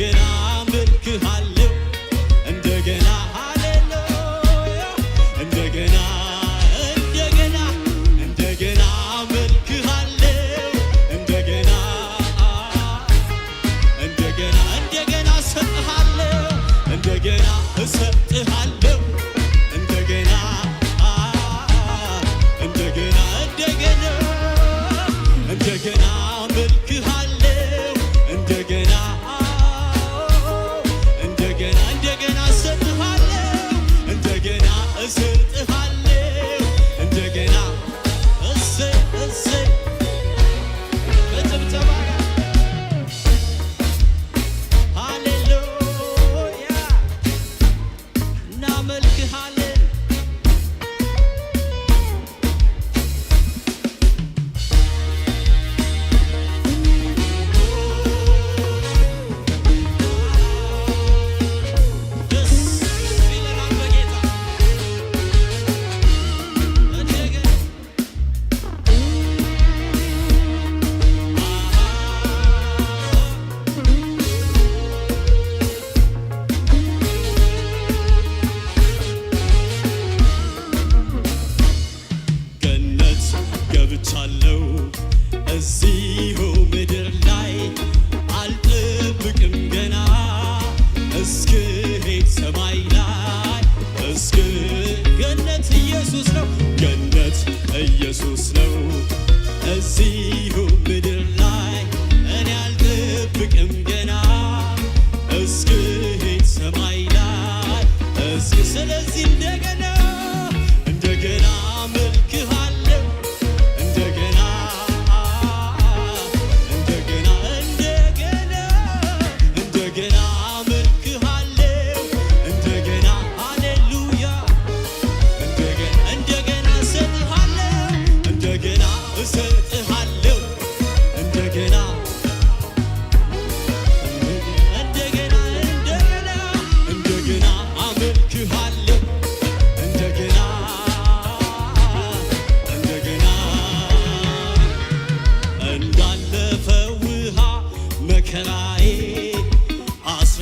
get on. so slow as evil.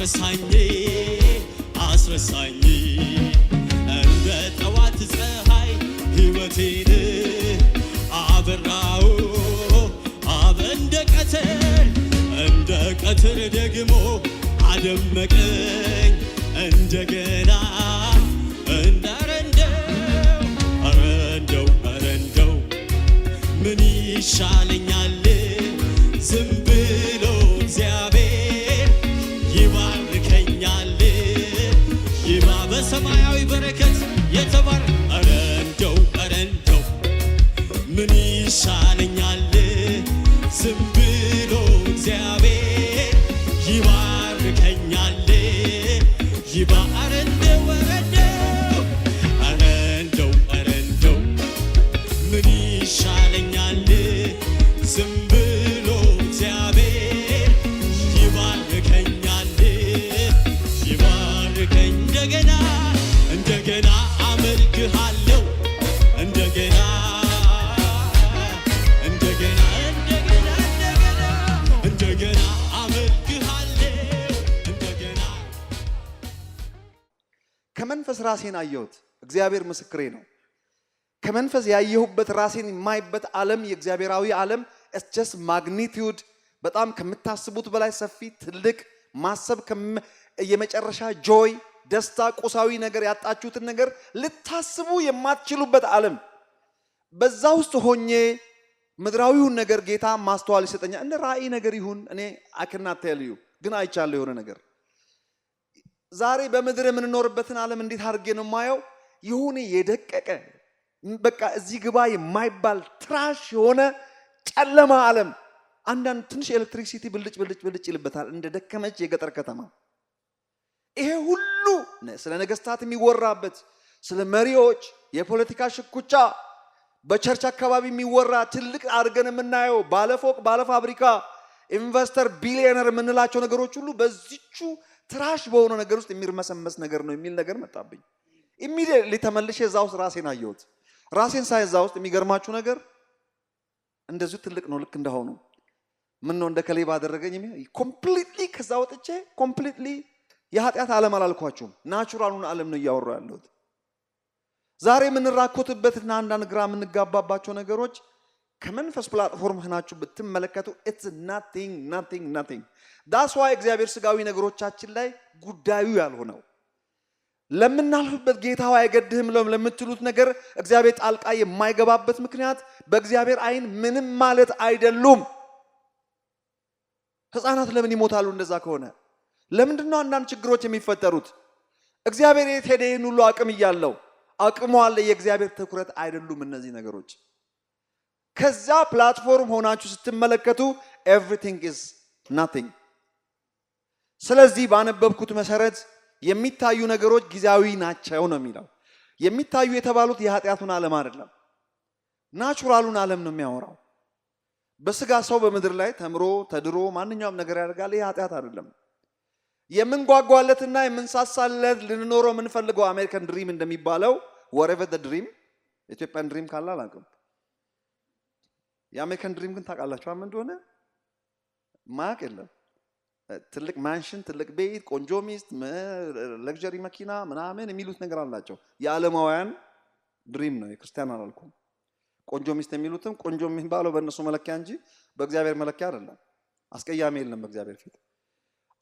አስረሳኝ አስረሳኝ እንደ ጠዋት ፀሐይ ሕይወቴን አበራው አብ እንደ ቀትር እንደ ቀትር ደግሞ አደመቀኝ እንደገና ትጠብቀኛል ይባረን ራሴን አየሁት። እግዚአብሔር ምስክሬ ነው። ከመንፈስ ያየሁበት ራሴን የማይበት ዓለም የእግዚአብሔራዊ ዓለም ስስ ማግኒቲዩድ በጣም ከምታስቡት በላይ ሰፊ፣ ትልቅ ማሰብ የመጨረሻ ጆይ ደስታ ቁሳዊ ነገር ያጣችሁትን ነገር ልታስቡ የማትችሉበት ዓለም በዛ ውስጥ ሆኜ ምድራዊውን ነገር ጌታ ማስተዋል ይሰጠኛል። እንደ ራእይ ነገር ይሁን እኔ አክናቴልዩ ግን አይቻለሁ የሆነ ነገር ዛሬ በምድር የምንኖርበትን ዓለም እንዴት አድርጌ ነው የማየው? የሆነ የደቀቀ በቃ እዚህ ግባ የማይባል ትራሽ የሆነ ጨለማ ዓለም። አንዳንድ ትንሽ ኤሌክትሪክሲቲ ብልጭ ብልጭ ብልጭ ይልበታል እንደ ደከመች የገጠር ከተማ። ይሄ ሁሉ ስለ ነገስታት የሚወራበት ስለ መሪዎች የፖለቲካ ሽኩቻ በቸርች አካባቢ የሚወራ ትልቅ አድርገን የምናየው ባለፎቅ ባለፋብሪካ ኢንቨስተር ቢሊዮነር የምንላቸው ነገሮች ሁሉ በዚቹ ትራሽ በሆነ ነገር ውስጥ የሚርመሰመስ ነገር ነው የሚል ነገር መጣብኝ። ኢሚዲየትሊ ተመልሼ እዛ ውስጥ ራሴን አየሁት። ራሴን ሳይ እዛ ውስጥ የሚገርማችሁ ነገር እንደዚሁ ትልቅ ነው። ልክ እንደሆኑ ምን ነው እንደ ከሌባ አደረገኝ። ኮምፕሊትሊ ከዛ ወጥቼ ኮምፕሊትሊ የኃጢአት ዓለም አላልኳችሁም፣ ናቹራሉን ዓለም ነው እያወራ ያለሁት። ዛሬ የምንራኮትበትና አንዳንድ ግራ የምንጋባባቸው ነገሮች ከመንፈስ ፕላትፎርም ሆናችሁ ብትመለከቱ ኢትስ ናቲንግ ናቲንግ ናቲንግ። ዳስ ዋይ እግዚአብሔር ስጋዊ ነገሮቻችን ላይ ጉዳዩ ያልሆነው ለምናልፍበት ጌታ አይገድህም ለምትሉት ነገር እግዚአብሔር ጣልቃ የማይገባበት ምክንያት በእግዚአብሔር አይን ምንም ማለት አይደሉም። ህፃናት ለምን ይሞታሉ? እንደዛ ከሆነ ለምንድን ነው አንዳንድ ችግሮች የሚፈጠሩት? እግዚአብሔር የት ሄደ? ይህን ሁሉ አቅም እያለው አቅሟለ። የእግዚአብሔር ትኩረት አይደሉም እነዚህ ነገሮች። ከዛ ፕላትፎርም ሆናችሁ ስትመለከቱ ኤቭሪቲንግ ኢዝ ናቲንግ። ስለዚህ ባነበብኩት መሰረት የሚታዩ ነገሮች ጊዜያዊ ናቸው ነው የሚለው። የሚታዩ የተባሉት የኃጢአቱን ዓለም አይደለም፣ ናቹራሉን ዓለም ነው የሚያወራው። በስጋ ሰው በምድር ላይ ተምሮ ተድሮ ማንኛውም ነገር ያደርጋል። ይህ ኃጢአት አይደለም። የምንጓጓለትና የምንሳሳለት ልንኖረው የምንፈልገው አሜሪካን ድሪም እንደሚባለው ወሬቨር ድሪም ኢትዮጵያን ድሪም ካለ አላውቅም የአሜሪካን ድሪም ግን ታውቃላችሁ ምን እንደሆነ ማቅ የለም። ትልቅ ማንሽን፣ ትልቅ ቤት፣ ቆንጆ ሚስት፣ ለግዠሪ መኪና ምናምን የሚሉት ነገር አላቸው። የዓለማውያን ድሪም ነው፣ የክርስቲያን አላልኩም። ቆንጆ ሚስት የሚሉትም ቆንጆ የሚባለው በእነሱ መለኪያ እንጂ በእግዚአብሔር መለኪያ አይደለም። አስቀያሚ የለም በእግዚአብሔር ፊት።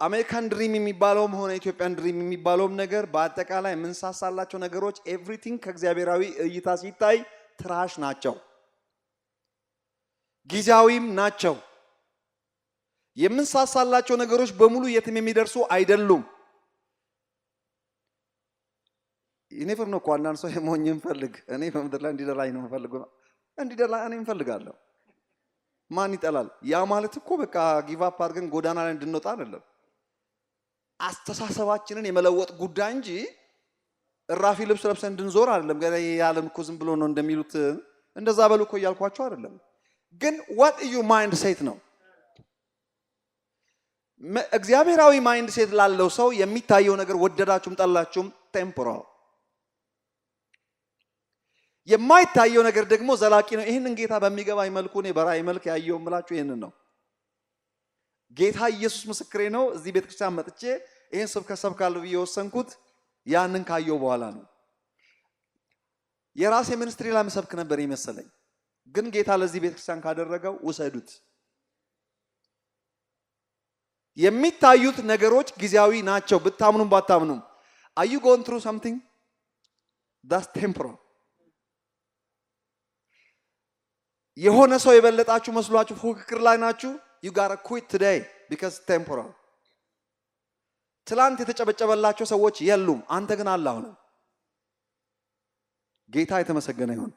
አሜሪካን ድሪም የሚባለውም ሆነ ኢትዮጵያን ድሪም የሚባለውም ነገር በአጠቃላይ የምንሳሳላቸው ነገሮች ኤቭሪቲንግ ከእግዚአብሔራዊ እይታ ሲታይ ትራሽ ናቸው። ጊዜያዊም ናቸው። የምንሳሳላቸው ነገሮች በሙሉ የትም የሚደርሱ አይደሉም። እኔ ፍም ነው እኮ አንዳንድ ሰው የመሆኝ እንፈልግ እኔ በምድር ላይ እንዲደላኝ ነው ፈልግ እንዲደላ እኔ እንፈልጋለሁ። ማን ይጠላል? ያ ማለት እኮ በቃ ጊቫፕ አድርገን ጎዳና ላይ እንድንወጣ አይደለም። አስተሳሰባችንን የመለወጥ ጉዳይ እንጂ እራፊ ልብስ ለብሰን እንድንዞር አይደለም። ገና ይሄ እኮ ዝም ብሎ ነው እንደሚሉት እንደዛ በሉ እኮ እያልኳቸው አይደለም። ግን ዋት እዩ ማይንድ ሴት ነው። እግዚአብሔራዊ ማይንድ ሴት ላለው ሰው የሚታየው ነገር ወደዳችሁም ጠላችሁም ቴምፖራል፣ የማይታየው ነገር ደግሞ ዘላቂ ነው። ይህንን ጌታ በሚገባኝ መልኩ እኔ በራእይ መልክ ያየው ምላችሁ ይህንን ነው። ጌታ ኢየሱስ ምስክሬ ነው። እዚህ ቤተክርስቲያን መጥቼ ይህን ስብከት ሰብካለሁ ብዬ የወሰንኩት ያንን ካየው በኋላ ነው። የራሴ ሚኒስትሪ ላይ መሰብክ ነበር ይመሰለኝ ግን ጌታ ለዚህ ቤተክርስቲያን ካደረገው ውሰዱት። የሚታዩት ነገሮች ጊዜያዊ ናቸው፣ ብታምኑም ባታምኑም። አዩ ጎን ትሩ ሰምቲንግ ዳስ ቴምፕሮ የሆነ ሰው የበለጣችሁ መስሏችሁ ፉክክር ላይ ናችሁ። ዩ ጋር ኩዊት ቱዴይ ቢካዝ ቴምፖራል። ትላንት የተጨበጨበላቸው ሰዎች የሉም፣ አንተ ግን አለ። አሁንም ጌታ የተመሰገነ ይሁን።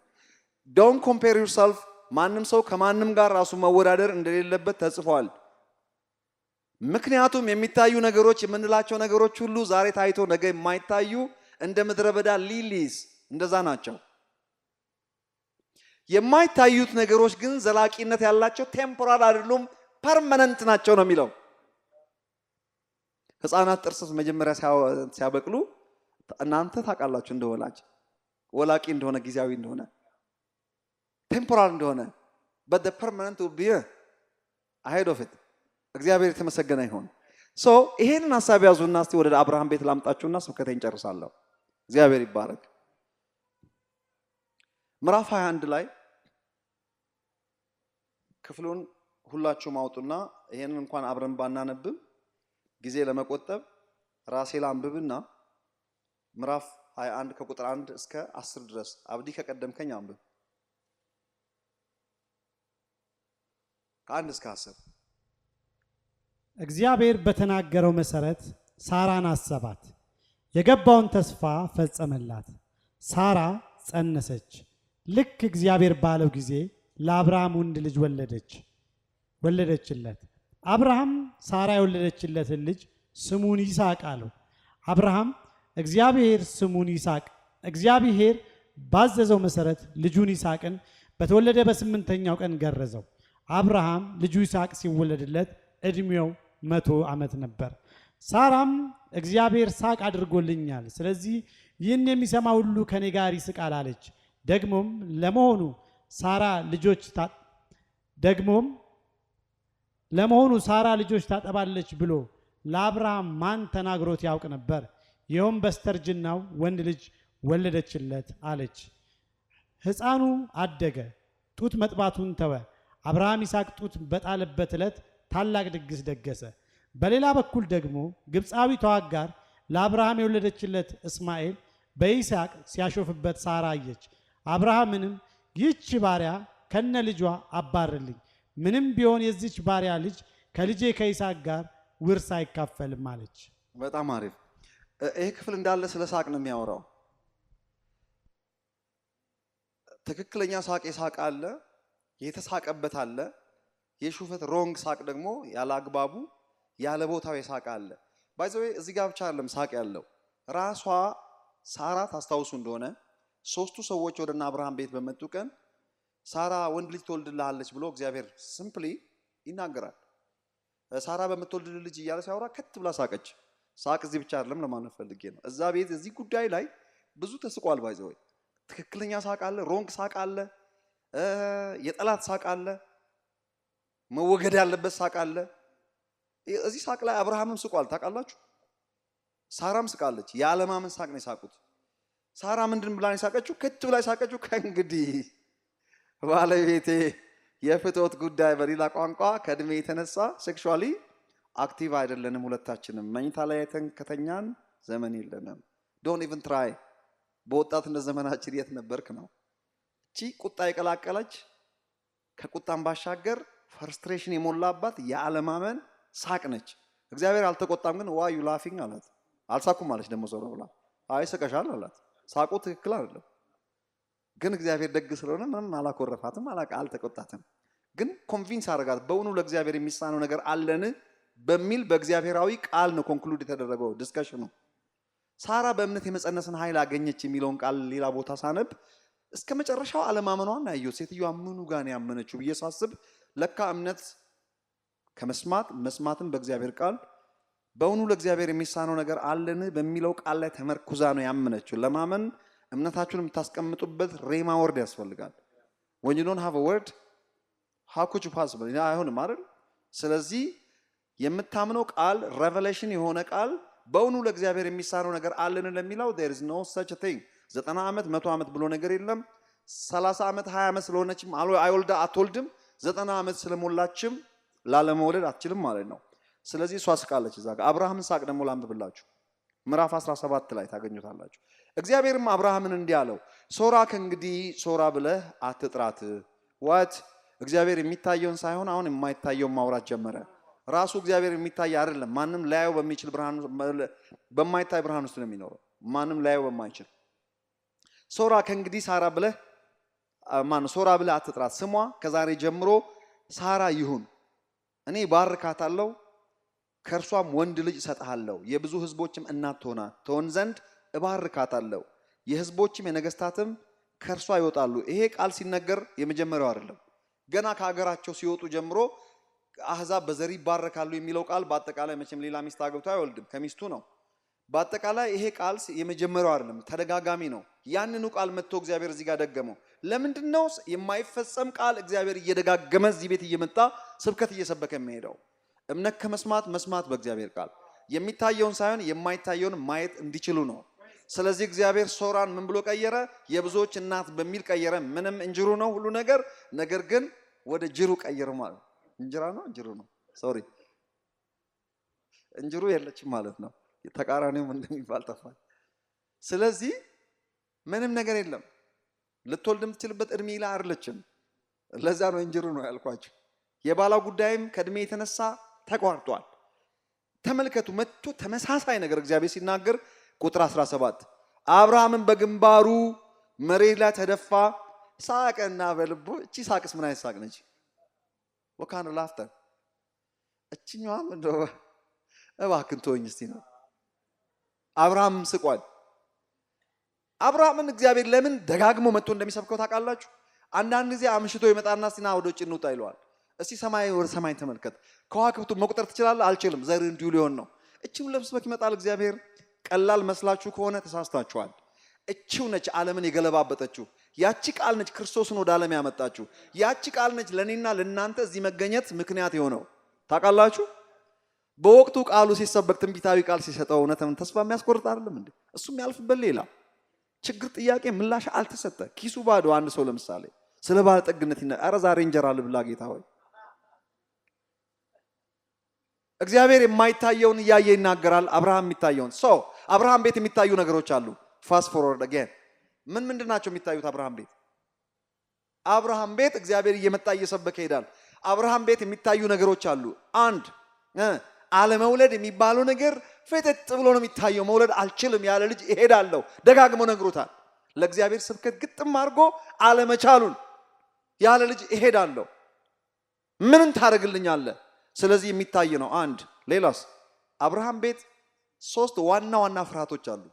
ዶን ኮምፔር ዩርሰልፍ ማንም ሰው ከማንም ጋር ራሱ መወዳደር እንደሌለበት ተጽፏል። ምክንያቱም የሚታዩ ነገሮች የምንላቸው ነገሮች ሁሉ ዛሬ ታይቶ ነገ የማይታዩ እንደ ምድረ በዳ ሊሊስ እንደዛ ናቸው። የማይታዩት ነገሮች ግን ዘላቂነት ያላቸው ቴምፖራል አይደሉም፣ ፐርመነንት ናቸው ነው የሚለው። ሕፃናት ጥርስስ መጀመሪያ ሲያበቅሉ እናንተ ታውቃላችሁ እንደወላጅ ወላቂ እንደሆነ ጊዜያዊ እንደሆነ ቴምፖራል እንደሆነ but the permanent will be ahead እግዚአብሔር የተመሰገነ ይሆን ሶ ይሄንን ሀሳብ ያዙና እስቲ ወደ አብርሃም ቤት ላምጣችሁና ስብከቴን ጨርሳለሁ። እግዚአብሔር ይባረክ። ምዕራፍ 21 ላይ ክፍሉን ሁላችሁም አውጡና ይሄንን እንኳን አብረን ባናነብም ጊዜ ለመቆጠብ ራሴ ላንብብና ምዕራፍ 21 ከቁጥር 1 እስከ 10 ድረስ አብዲ ከቀደምከኝ አንብብ። ከአንድ እስከ አስር እግዚአብሔር በተናገረው መሰረት ሳራን አሰባት፣ የገባውን ተስፋ ፈጸመላት። ሳራ ጸነሰች፣ ልክ እግዚአብሔር ባለው ጊዜ ለአብርሃም ወንድ ልጅ ወለደች ወለደችለት። አብርሃም ሳራ የወለደችለትን ልጅ ስሙን ይስሐቅ አለው። አብርሃም እግዚአብሔር ስሙን ይስሐቅ እግዚአብሔር ባዘዘው መሰረት ልጁን ይስሐቅን በተወለደ በስምንተኛው ቀን ገረዘው። አብርሃም ልጁ ይስሐቅ ሲወለድለት እድሜው መቶ ዓመት ነበር። ሳራም እግዚአብሔር ሳቅ አድርጎልኛል፣ ስለዚህ ይህን የሚሰማ ሁሉ ከኔ ጋር ይስቃል አለች። ደግሞም ለመሆኑ ሳራ ልጆች ደግሞም ለመሆኑ ሳራ ልጆች ታጠባለች ብሎ ለአብርሃም ማን ተናግሮት ያውቅ ነበር? ይኸውም በስተርጅናው ወንድ ልጅ ወለደችለት አለች። ሕፃኑ አደገ፣ ጡት መጥባቱን ተወ። አብርሃም ይስሐቅ ጡት በጣለበት ዕለት ታላቅ ድግስ ደገሰ። በሌላ በኩል ደግሞ ግብፃዊቷ አጋር ለአብርሃም የወለደችለት እስማኤል በይስሐቅ ሲያሾፍበት ሳራ አየች። አብርሃምንም ይህች ባሪያ ከነ ልጇ አባርልኝ፣ ምንም ቢሆን የዚች ባሪያ ልጅ ከልጄ ከይስሐቅ ጋር ውርስ አይካፈልም አለች። በጣም አሪፍ። ይሄ ክፍል እንዳለ ስለ ሳቅ ነው የሚያወራው። ትክክለኛ ሳቅ የሳቅ አለ የተሳቀበት አለ። የሹፈት ሮንግ ሳቅ ደግሞ ያለ አግባቡ ያለ ቦታው የሳቅ አለ። ባይዘዌ እዚህ ጋር ብቻ አይደለም ሳቅ ያለው ራሷ ሳራ ታስታውሱ እንደሆነ ሶስቱ ሰዎች ወደ እነ አብርሃም ቤት በመጡ ቀን ሳራ ወንድ ልጅ ትወልድልሃለች ብሎ እግዚአብሔር ሲምፕሊ ይናገራል። ሳራ በምትወልድ ልጅ እያለ ሲያወራ ከት ብላ ሳቀች። ሳቅ እዚህ ብቻ አይደለም ለማለት ፈልጌ ነው። እዛ ቤት እዚህ ጉዳይ ላይ ብዙ ተስቋል። ባይዘ ትክክለኛ ሳቅ አለ፣ ሮንግ ሳቅ አለ፣ የጠላት ሳቅ አለ፣ መወገድ ያለበት ሳቅ አለ። እዚህ ሳቅ ላይ አብርሃምም ስቋል ታውቃላችሁ። ሳራም ስቃለች። የዓለማምን ሳቅ ነው የሳቁት። ሳራ ምንድን ብላ የሳቀችው? ክት ብላ የሳቀችው ከእንግዲህ ባለቤቴ የፍትወት ጉዳይ በሌላ ቋንቋ ከእድሜ የተነሳ ሴክሹዋሊ አክቲቭ አይደለንም ሁለታችንም። መኝታ ላይ አይተን ከተኛን ዘመን የለንም። ዶንት ኢቨን ትራይ። በወጣትነት ዘመናችን የት ነበርክ ነው እቺ ቁጣ የቀላቀለች ከቁጣም ባሻገር ፈርስትሬሽን የሞላባት የአለማመን ሳቅ ነች። እግዚአብሔር አልተቆጣም፣ ግን ዋ ዩ ላፊንግ አላት። አልሳኩም አለች። ደግሞ ዞር ብላ አይ ስቀሻል አላት። ሳቁ ትክክል አይደለም፣ ግን እግዚአብሔር ደግ ስለሆነ ምንም አላኮረፋትም፣ አልተቆጣትም። ግን ኮንቪንስ አደረጋት። በእውኑ ለእግዚአብሔር የሚሳነው ነገር አለን በሚል በእግዚአብሔራዊ ቃል ነው ኮንክሉድ የተደረገው ዲስከሽኑ። ሳራ በእምነት የመጸነስን ኃይል አገኘች የሚለውን ቃል ሌላ ቦታ ሳነብ እስከ መጨረሻው አለማመኗን አየሁ። ሴትዮዋ ምኑ ጋን ያመነችው ብዬ ሳስብ ለካ እምነት ከመስማት መስማትን በእግዚአብሔር ቃል በእውኑ ለእግዚአብሔር የሚሳነው ነገር አለን በሚለው ቃል ላይ ተመርኩዛ ነው ያመነችው። ለማመን እምነታችሁን የምታስቀምጡበት ሬማ ወርድ ያስፈልጋል። ወንጅኖን ዩ ወርድ ሀኩች ፓስብል አይሆንም አይደል? ስለዚህ የምታምነው ቃል ሬቨሌሽን የሆነ ቃል በእውኑ ለእግዚአብሔር የሚሳነው ነገር አለን ለሚለው ዜር ኢዝ ኖ ሰች ቲንግ ዘጠና ዓመት መቶ ዓመት ብሎ ነገር የለም። ሰላሳ ዓመት ሀያ ዓመት ስለሆነችም አይወልዳ አትወልድም። ዘጠና ዓመት ስለሞላችም ላለመውለድ አትችልም ማለት ነው። ስለዚህ እሷ ስቃለች እዛ ጋር። አብርሃምን ሳቅ ደግሞ ላንብብላችሁ። ምዕራፍ 17 ላይ ታገኙታላችሁ። እግዚአብሔርም አብርሃምን እንዲህ አለው፣ ሶራ ከእንግዲህ ሶራ ብለህ አትጥራት። ዋት እግዚአብሔር የሚታየውን ሳይሆን አሁን የማይታየውን ማውራት ጀመረ። ራሱ እግዚአብሔር የሚታይ አይደለም። ማንም ላያየው በሚችል ብርሃን በማይታይ ብርሃን ውስጥ ነው የሚኖረው። ማንም ላያየው በማይችል ሶራ ከእንግዲህ ሳራ ብለህ ማ ሶራ ብለህ አትጥራት፣ ስሟ ከዛሬ ጀምሮ ሳራ ይሁን። እኔ ባርካታለሁ፣ ከእርሷም ወንድ ልጅ እሰጥሃለሁ፣ የብዙ ህዝቦችም እናት ትሆና ትሆን ዘንድ እባርካታለሁ፣ የህዝቦችም የነገስታትም ከእርሷ ይወጣሉ። ይሄ ቃል ሲነገር የመጀመሪያው አይደለም። ገና ከሀገራቸው ሲወጡ ጀምሮ አህዛብ በዘር ይባረካሉ የሚለው ቃል በአጠቃላይ መቼም ሌላ ሚስት አግብቶ አይወልድም፣ ከሚስቱ ነው። በአጠቃላይ ይሄ ቃል የመጀመሪያው አይደለም፣ ተደጋጋሚ ነው። ያንኑ ቃል መጥቶ እግዚአብሔር እዚህ ጋር ደገመው። ለምንድን ነው የማይፈጸም ቃል እግዚአብሔር እየደጋገመ እዚህ ቤት እየመጣ ስብከት እየሰበከ የሚሄደው? እምነት ከመስማት መስማት በእግዚአብሔር ቃል የሚታየውን ሳይሆን የማይታየውን ማየት እንዲችሉ ነው። ስለዚህ እግዚአብሔር ሶራን ምን ብሎ ቀየረ? የብዙዎች እናት በሚል ቀየረ። ምንም እንጅሩ ነው ሁሉ ነገር፣ ነገር ግን ወደ ጅሩ ቀየረ ማለት እንጅራ ነው። እንጅሩ ነው ሶሪ፣ እንጅሩ የለችም ማለት ነው። ተቃራኒውም እንደሚባል ጠፋል። ስለዚህ ምንም ነገር የለም። ልትወልድ የምትችልበት እድሜ ላይ አይደለችም። ለዛ ነው እንጅሩ ነው ያልኳቸው። የባላ ጉዳይም ከእድሜ የተነሳ ተቋርጧል። ተመልከቱ፣ መጥቶ ተመሳሳይ ነገር እግዚአብሔር ሲናገር ቁጥር 17 አብርሃምን በግንባሩ መሬት ላይ ተደፋ፣ ሳቀና በልቡ እቺ ሳቅስ ምን አይነት ሳቅ ነች? ላፍተር እችኛዋም እንደ እባክን ተወኝ እስቲ ነው አብርሃም ስቋል። አብርሃምን እግዚአብሔር ለምን ደጋግሞ መጥቶ እንደሚሰብከው ታውቃላችሁ? አንዳንድ ጊዜ አምሽቶ ይመጣና ሲና ወደ ውጭ እንውጣ ይለዋል። እስቲ ሰማይ ወደ ሰማይ ተመልከት፣ ከዋክብቱ መቁጠር ትችላለህ? አልችልም፣ ዘር እንዲሁ ሊሆን ነው። እቺው ለብስበክ ይመጣል እግዚአብሔር። ቀላል መስላችሁ ከሆነ ተሳስታችኋል። እችው ነች ዓለምን የገለባበጠችው። ያቺ ቃል ነች ክርስቶስን ወደ ዓለም ያመጣችሁ። ያቺ ቃል ነች ለእኔና ለእናንተ እዚህ መገኘት ምክንያት የሆነው ታውቃላችሁ። በወቅቱ ቃሉ ሲሰበክ ትንቢታዊ ቃል ሲሰጠው እውነትም ተስፋ የሚያስቆርጥ አይደለም እንዴ? እሱ የሚያልፍበት ሌላ ችግር፣ ጥያቄ፣ ምላሽ አልተሰጠ። ኪሱ ባዶ። አንድ ሰው ለምሳሌ ስለ ባለጠግነት ይነ ኧረ ዛሬ እንጀራ ልብላ ጌታ ሆይ እግዚአብሔር የማይታየውን እያየ ይናገራል። አብርሃም የሚታየውን ሰው አብርሃም ቤት የሚታዩ ነገሮች አሉ። ፋስት ፎርወርድ አጌን ምን ምንድን ናቸው የሚታዩት? አብርሃም ቤት አብርሃም ቤት እግዚአብሔር እየመጣ እየሰበከ ይሄዳል። አብርሃም ቤት የሚታዩ ነገሮች አሉ። አንድ አለመውለድ የሚባለው ነገር ፈጠጥ ብሎ ነው የሚታየው። መውለድ አልችልም ያለ ልጅ ይሄዳለሁ ደጋግሞ ነግሮታል። ለእግዚአብሔር ስብከት ግጥም አድርጎ አለመቻሉን ያለ ልጅ ይሄዳለሁ ምንን ታደርግልኛለ? ስለዚህ የሚታይ ነው። አንድ ሌላስ አብርሃም ቤት ሶስት ዋና ዋና ፍርሃቶች አሉ።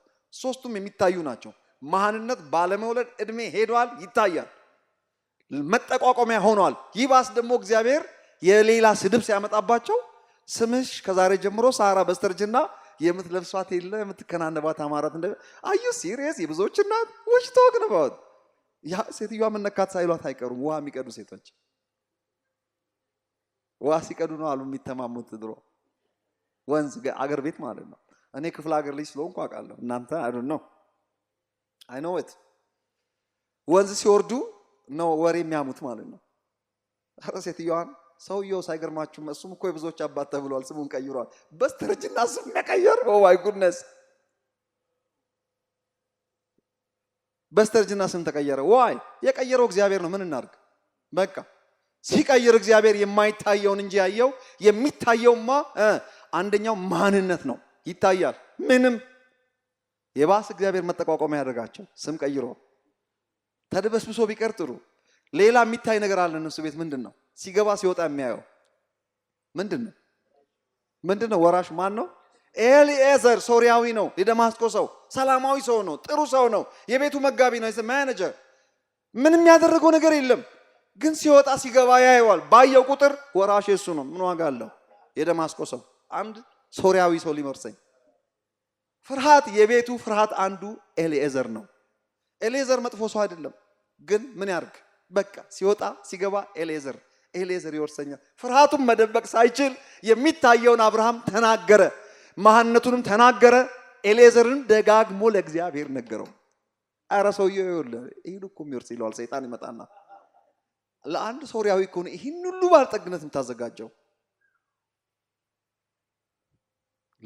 ሶስቱም የሚታዩ ናቸው። መሀንነት፣ ባለመውለድ፣ እድሜ ሄዷል ይታያል፣ መጠቋቋሚያ ሆኗል። ይባስ ደግሞ እግዚአብሔር የሌላ ስድብ ሲያመጣባቸው ስምሽ ከዛሬ ጀምሮ ሳራ በስተርጅና የምትለብሷት የለ የምትከናነባት አማራት እንደ አዩ ሲሪየስ የብዙዎች እናት ውጭ ተወግንባት ሴትዮዋ ምነካት ሳይሏት አይቀሩም። ውሃ የሚቀዱ ሴቶች ውሃ ሲቀዱ ነው አሉ የሚተማሙት ድሮ ወንዝ አገር ቤት ማለት ነው። እኔ ክፍለ ሀገር ልጅ ስለሆንኩ አውቃለሁ። እናንተ አይ ነው አይነወት ወንዝ ሲወርዱ ነው ወሬ የሚያሙት ማለት ነው። ኧረ ሴትዮዋን ሰውየው ሳይገርማችሁም እሱም እኮ የብዙዎች አባት ተብሏል። ስሙን ቀይሯል። በስተርጅና ስም መቀየር ኦ ማይ oh ጉድነስ! በስተርጅና ስም ተቀየረ። ዋይ የቀየረው እግዚአብሔር ነው። ምን እናርግ? በቃ ሲቀይር እግዚአብሔር የማይታየውን እንጂ ያየው የሚታየውማ አንደኛው ማንነት ነው፣ ይታያል። ምንም የባስ እግዚአብሔር መጠቋቋሚያ ያደርጋቸው ስም ቀይሮ ተደበስብሶ ቢቀር ጥሩ። ሌላ የሚታይ ነገር አለ እነሱ ቤት ምንድን ነው? ሲገባ ሲወጣ የሚያየው ምንድን ነው? ምንድን ነው? ወራሽ ማን ነው? ኤሊኤዘር ሶሪያዊ ነው። የደማስቆ ሰው ሰላማዊ ሰው ነው። ጥሩ ሰው ነው። የቤቱ መጋቢ ነው። ማናጀር ምንም ያደረገው ነገር የለም፣ ግን ሲወጣ ሲገባ ያየዋል። ባየው ቁጥር ወራሽ የሱ ነው። ምን ዋጋ አለው? የደማስቆ ሰው አንድ ሶሪያዊ ሰው ሊመርሰኝ ፍርሃት፣ የቤቱ ፍርሃት አንዱ ኤሊኤዘር ነው። ኤሊኤዘር መጥፎ ሰው አይደለም፣ ግን ምን ያርግ? በቃ ሲወጣ ሲገባ ኤሊኤዘር ኤሌዘር ይወርሰኛል። ፍርሃቱን መደበቅ ሳይችል የሚታየውን አብርሃም ተናገረ፣ መሐንነቱንም ተናገረ። ኤሌዘርን ደጋግሞ ለእግዚአብሔር ነገረው። አረ ሰውዬው ይኸውልህ ይህን እኮ የሚወርስ ይለዋል። ሰይጣን ይመጣና ለአንድ ሶሪያዊ ከሆነ ይህን ሁሉ ባለጠግነት የምታዘጋጀው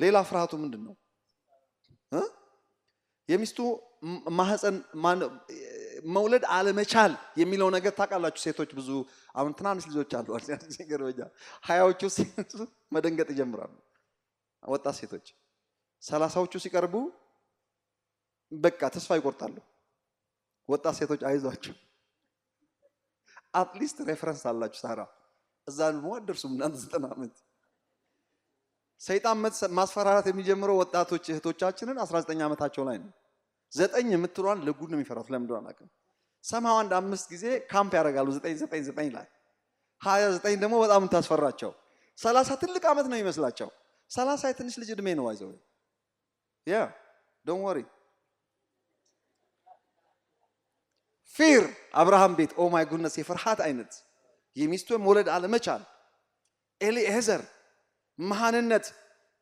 ሌላ ፍርሃቱ ምንድን ነው? የሚስቱ ማህፀን መውለድ አለመቻል የሚለው ነገር ታውቃላችሁ። ሴቶች ብዙ አሁን ትናንሽ ልጆች አሉ ገርበኛ ሀያዎቹ መደንገጥ ይጀምራሉ። ወጣት ሴቶች ሰላሳዎቹ ሲቀርቡ በቃ ተስፋ ይቆርጣሉ። ወጣት ሴቶች አይዟቸው፣ አትሊስት ሬፈረንስ አላችሁ። ሳራ እዛ ደግሞ አደርሱም እናንተ ዘጠና ዓመት ሰይጣን ማስፈራራት የሚጀምረው ወጣቶች እህቶቻችንን አስራ ዘጠኝ ዓመታቸው ላይ ነው። ዘጠኝ የምትሏን ለጉድ ነው የሚፈራት። ለምዶ አናውቅም። ሰማው አንድ አምስት ጊዜ ካምፕ ያደርጋሉ። ዘጠኝ ዘጠኝ ዘጠኝ ላይ ሀያ ዘጠኝ ደግሞ በጣም የምታስፈራቸው ሰላሳ ትልቅ ዓመት ነው ይመስላቸው። ሰላሳ የትንሽ ልጅ እድሜ ነው። አይዘው ያ ዶን ወሪ ፊር አብርሃም ቤት ኦ ማይ ጉድነስ የፍርሃት አይነት የሚስቱ መውለድ አለመቻል፣ ኤሊኤዘር መሃንነት፣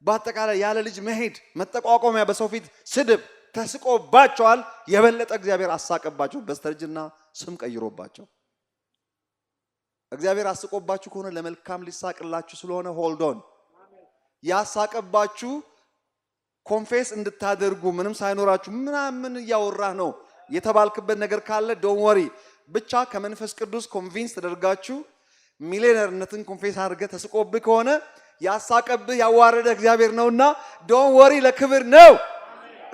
በአጠቃላይ ያለ ልጅ መሄድ፣ መጠቋቋሚያ፣ በሰው ፊት ስድብ ተስቆባቸዋል። የበለጠ እግዚአብሔር አሳቀባቸው፣ በስተርጅና ስም ቀይሮባቸው። እግዚአብሔር አስቆባችሁ ከሆነ ለመልካም ሊሳቅላችሁ ስለሆነ ሆልዶን ያሳቀባችሁ ኮንፌስ እንድታደርጉ ምንም ሳይኖራችሁ ምናምን እያወራህ ነው የተባልክበት ነገር ካለ ዶን ወሪ ብቻ ከመንፈስ ቅዱስ ኮንቪንስ ተደርጋችሁ ሚሊነርነትን ኮንፌስ አድርገህ ተስቆብህ ከሆነ ያሳቀብህ ያዋረደ እግዚአብሔር ነውና ዶን ወሪ ለክብር ነው።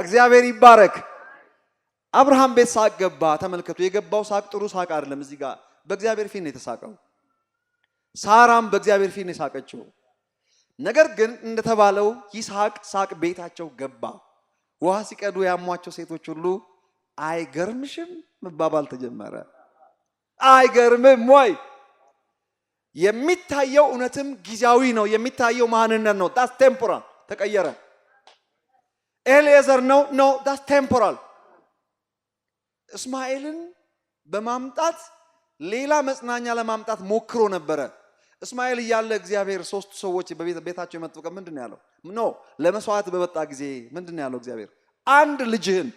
እግዚአብሔር ይባረክ። አብርሃም ቤት ሳቅ ገባ። ተመልከቱ፣ የገባው ሳቅ ጥሩ ሳቅ አይደለም። እዚህ ጋር በእግዚአብሔር ፊት ነው የተሳቀው። ሳራም በእግዚአብሔር ፊት ነው የሳቀችው። ነገር ግን እንደተባለው ይስሐቅ ሳቅ ቤታቸው ገባ። ውሃ ሲቀዱ ያሟቸው ሴቶች ሁሉ አይገርምሽም መባባል ተጀመረ። አይገርምም ወይ? የሚታየው እውነትም ጊዜያዊ ነው። የሚታየው ማንነት ነው። ዳስ ቴምፖራ ተቀየረ። ኤልኤዘር ነው ነው ዳስ ቴምፖራል እስማኤልን በማምጣት ሌላ መጽናኛ ለማምጣት ሞክሮ ነበረ። እስማኤል እያለ እግዚአብሔር ሶስቱ ሰዎች በቤታቸው የመጡ ቀን ምንድን ያለው? ኖ ለመስዋዕት በመጣ ጊዜ ምንድን ነው ያለው እግዚአብሔር? አንድ ልጅህን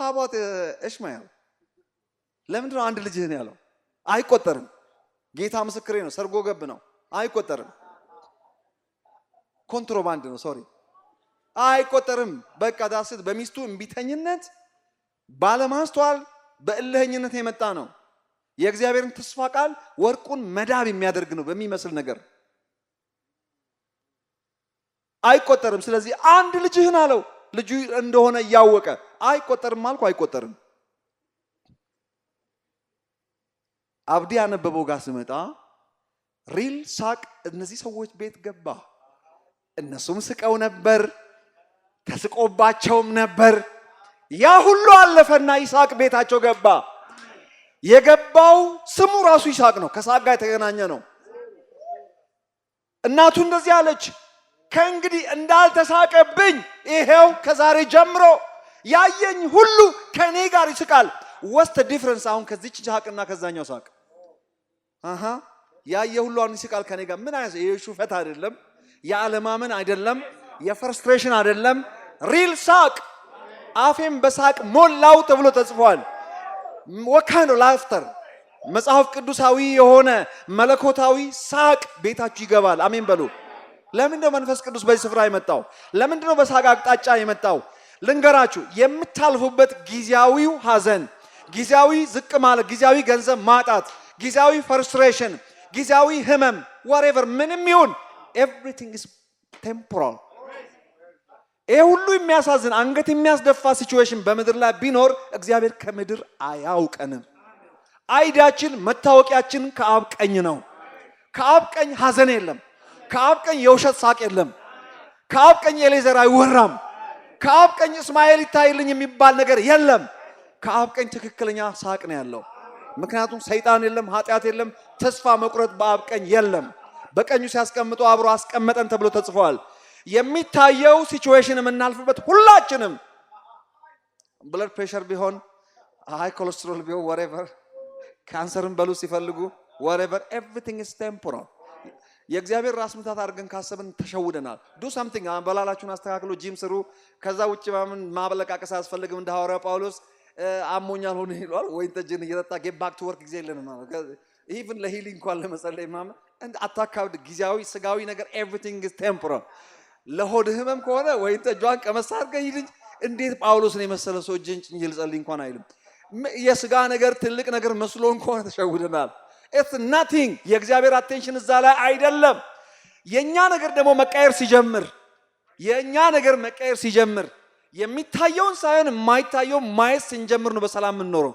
ሀባት እሽማኤል ለምንድን ነው አንድ ልጅህን ያለው? አይቆጠርም። ጌታ ምስክሬ ነው። ሰርጎ ገብ ነው፣ አይቆጠርም። ኮንትሮባንድ ነው። ሶሪ አይቆጠርም። በቃ ዳስት በሚስቱ እምቢተኝነት ባለማስተዋል በእልህኝነት የመጣ ነው። የእግዚአብሔርን ተስፋ ቃል ወርቁን መዳብ የሚያደርግ ነው በሚመስል ነገር አይቆጠርም። ስለዚህ አንድ ልጅህን አለው ልጁ እንደሆነ እያወቀ አይቆጠርም አልኩ አይቆጠርም። አብዲ ያነበበው ጋር ስመጣ ሪል ሳቅ እነዚህ ሰዎች ቤት ገባ። እነሱም ስቀው ነበር። ተስቆባቸውም ነበር። ያ ሁሉ አለፈና ይስሐቅ ቤታቸው ገባ። የገባው ስሙ ራሱ ይስሐቅ ነው። ከይስሐቅ ጋር የተገናኘ ነው። እናቱ እንደዚህ አለች፣ ከእንግዲህ እንዳልተሳቀብኝ ይሄው ከዛሬ ጀምሮ ያየኝ ሁሉ ከእኔ ጋር ይስቃል። ወስተ ዲፍረንስ አሁን ከዚች ሳቅና ከዛኛው ሳቅ ያየ ሁሉ አሁን ይስቃል ከኔ ጋር ምን አይነት የሹፈት አይደለም፣ የአለማመን አይደለም የፍርስትሬሽን አይደለም፣ ሪል ሳቅ። አፌም በሳቅ ሞላው ተብሎ ተጽፏል። ወካይንድ ላፍተር መጽሐፍ ቅዱሳዊ የሆነ መለኮታዊ ሳቅ ቤታችሁ ይገባል። አሜን በሉ። ለምንድነው መንፈስ ቅዱስ በዚህ ስፍራ የመጣው? ለምንድነው በሳቅ አቅጣጫ የመጣው? ልንገራችሁ፣ የምታልፉበት ጊዜያዊው ሐዘን፣ ጊዜያዊ ዝቅ ማለት፣ ጊዜያዊ ገንዘብ ማጣት፣ ጊዜያዊ ፍርስትሬሽን፣ ጊዜያዊ ህመም፣ ወሬቨር ምንም ይሁን ኤቭሪቲንግ ኢዝ ቴምፖራል ይሄ ሁሉ የሚያሳዝን አንገት የሚያስደፋ ሲቹዌሽን በምድር ላይ ቢኖር እግዚአብሔር ከምድር አያውቀንም። አይዳችን መታወቂያችን ከአብ ቀኝ ነው። ከአብ ቀኝ ሐዘን የለም። ከአብ ቀኝ የውሸት ሳቅ የለም። ከአብ ቀኝ ኤሌዘር አይወራም። ከአብ ቀኝ እስማኤል ይታይልኝ የሚባል ነገር የለም። ከአብ ቀኝ ትክክለኛ ሳቅ ነው ያለው። ምክንያቱም ሰይጣን የለም፣ ኃጢአት የለም፣ ተስፋ መቁረጥ በአብ ቀኝ የለም። በቀኙ ሲያስቀምጠው አብሮ አስቀመጠን ተብሎ ተጽፏል። የሚታየው ሲቹዌሽን የምናልፍበት ሁላችንም ብለድ ፕሬሸር ቢሆን ሃይ ኮሌስትሮል ቢሆን ወሬቨር ካንሰርን በሉ ሲፈልጉ ወሬቨር ኤቭሪቲንግ ኢዝ ቴምፖራል። የእግዚአብሔር ራስ ምታት አድርገን ካሰብን ተሸውደናል። ዱ ሳምቲንግ በላላችሁን አስተካክሎ ጂም ስሩ። ከዛ ውጭ ምን ማበለቃቀስ አያስፈልግም። እንደ ሐዋርያ ጳውሎስ አሞኛል ሆነ ይሏል። ወይን ጠጅን እየጠጣ ጌት ባክ ቱ ወርክ ጊዜ የለንም። ኢቭን ለሂሊ እንኳን ለመጸለይ ምናምን አታካብድ። ጊዜያዊ ስጋዊ ነገር ኤቭሪቲንግ ኢዝ ቴምፖራል ለሆድ ህመም ከሆነ ወይን ጠጇን ቀመስ አድርገህ ሂድ እንጂ እንዴት ጳውሎስን የመሰለ ሰው እጅን ጭኝ ልጸልይ እንኳን አይልም። የስጋ ነገር ትልቅ ነገር መስሎን ከሆነ ተሸውደናል። ኢትስ ናቲንግ። የእግዚአብሔር አቴንሽን እዛ ላይ አይደለም። የእኛ ነገር ደግሞ መቃየር ሲጀምር የእኛ ነገር መቃየር ሲጀምር የሚታየውን ሳይሆን የማይታየው ማየት ስንጀምር ነው በሰላም የምንኖረው።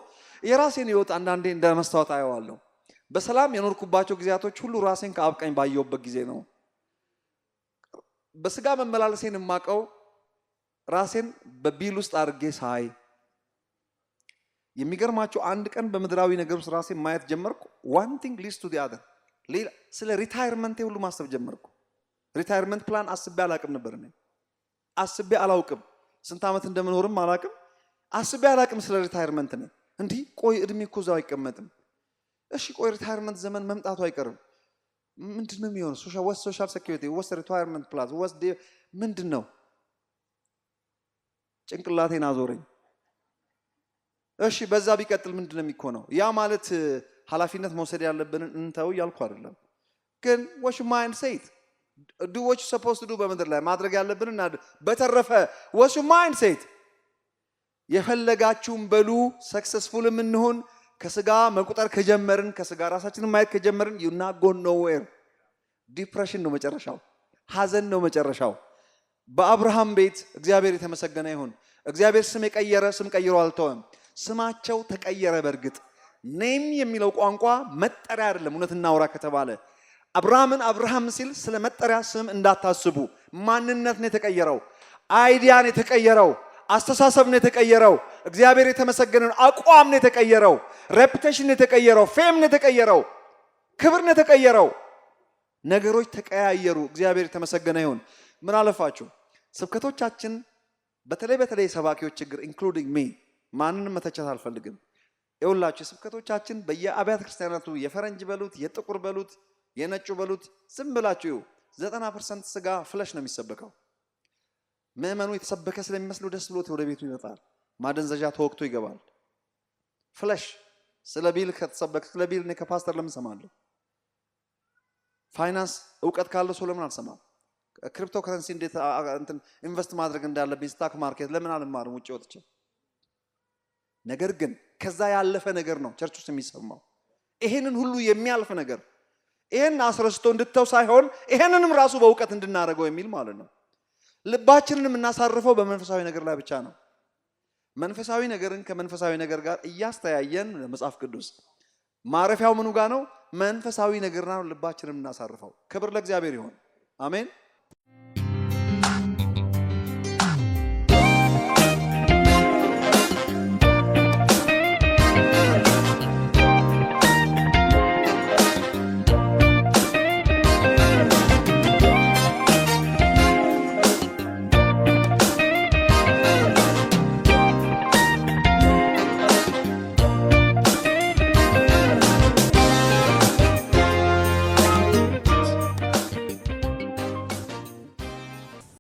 የራሴን ህይወት አንዳንዴ እንደ መስታወት አየዋለሁ። በሰላም የኖርኩባቸው ጊዜያቶች ሁሉ ራሴን ከአብቃኝ ባየሁበት ጊዜ ነው። በስጋ መመላለሴን የማቀው ራሴን በቢል ውስጥ አድርጌ ሳይ የሚገርማቸው አንድ ቀን በምድራዊ ነገር ውስጥ ራሴን ማየት ጀመርኩ። ዋን ቲንግ ሊስ ቱ ዲያደር ስለ ሪታይርመንቴ ሁሉ ማሰብ ጀመርኩ። ሪታይርመንት ፕላን አስቤ አላቅም ነበር። እኔ አስቤ አላውቅም፣ ስንት ዓመት እንደምኖርም አላቅም። አስቤ አላቅም ስለ ሪታይርመንት። ነ እንዲህ ቆይ እድሜ እኮ እዛው አይቀመጥም። እሺ ቆይ ሪታይርመንት ዘመን መምጣቱ አይቀርም ምንድን ነው የሚሆኑ ሶሻል ሶሻል ሴኩሪቲ ወስ ሪታየርመንት ፕላን ወስ ምንድን ነው? ጭንቅላቴን አዞረኝ። እሺ በዛ ቢቀጥል ምንድን ነው የሚኮነው? ያ ማለት ኃላፊነት መውሰድ ያለብንን እንተው እያልኩ አይደለም፣ ግን ወሽ ማይንድ ሴት ዱ ወች ሰፖስ ዱ በምድር ላይ ማድረግ ያለብን እና በተረፈ ወሽ ማይንድ ሴት የፈለጋችሁን በሉ፣ ሰክሰስፉልም እንሆን ከስጋ መቁጠር ከጀመርን ከስጋ ራሳችንን ማየት ከጀመርን ዩና ጎ ኖዌር። ዲፕሬሽን ነው መጨረሻው፣ ሀዘን ነው መጨረሻው። በአብርሃም ቤት እግዚአብሔር የተመሰገነ ይሁን። እግዚአብሔር ስም የቀየረ ስም ቀይሮ አልተወም። ስማቸው ተቀየረ። በእርግጥ ኔም የሚለው ቋንቋ መጠሪያ አይደለም። እውነት እናውራ ከተባለ አብርሃምን አብርሃም ሲል ስለ መጠሪያ ስም እንዳታስቡ። ማንነት ነው የተቀየረው፣ አይዲያ ነው የተቀየረው፣ አስተሳሰብ ነው የተቀየረው። እግዚአብሔር የተመሰገነ ነው። አቋም ነው የተቀየረው፣ ሬፕቴሽን ነው የተቀየረው፣ ፌም ነው የተቀየረው፣ ክብር ነው የተቀየረው። ነገሮች ተቀያየሩ። እግዚአብሔር የተመሰገነ ይሁን። ምን አለፋችሁ ስብከቶቻችን በተለይ በተለይ ሰባኪዎች ችግር ኢንክሉዲንግ ሚ ማንንም መተቸት አልፈልግም። የሁላችሁ ስብከቶቻችን በየአብያተ ክርስቲያናቱ የፈረንጅ በሉት የጥቁር በሉት የነጩ በሉት ዝም ብላችሁ ዘጠና ፐርሰንት ስጋ ፍለሽ ነው የሚሰበከው። ምዕመኑ የተሰበከ ስለሚመስለው ደስ ብሎት ወደ ቤቱ ይመጣል። ማደንዘዣ ተወቅቶ ይገባል። ፍለሽ ስለ ቢል ከተሰበክ ስለ ቢል እኔ ከፓስተር ለምን ሰማለሁ? ፋይናንስ እውቀት ካለ ሰው ለምን አልሰማም? ክሪፕቶ ከረንሲ እንዴት ኢንቨስት ማድረግ እንዳለብኝ ስታክ ማርኬት ለምን አልማርም? ውጭ ወጥቼ ነገር ግን ከዛ ያለፈ ነገር ነው ቸርች ውስጥ የሚሰማው። ይሄንን ሁሉ የሚያልፍ ነገር ይሄን አስረስቶ እንድተው ሳይሆን ይሄንንም ራሱ በእውቀት እንድናደርገው የሚል ማለት ነው። ልባችንን የምናሳርፈው በመንፈሳዊ ነገር ላይ ብቻ ነው። መንፈሳዊ ነገርን ከመንፈሳዊ ነገር ጋር እያስተያየን መጽሐፍ ቅዱስ ማረፊያው ምኑ ጋ ነው? መንፈሳዊ ነገር ነው። ልባችንም እናሳርፈው። ክብር ለእግዚአብሔር ይሆን። አሜን።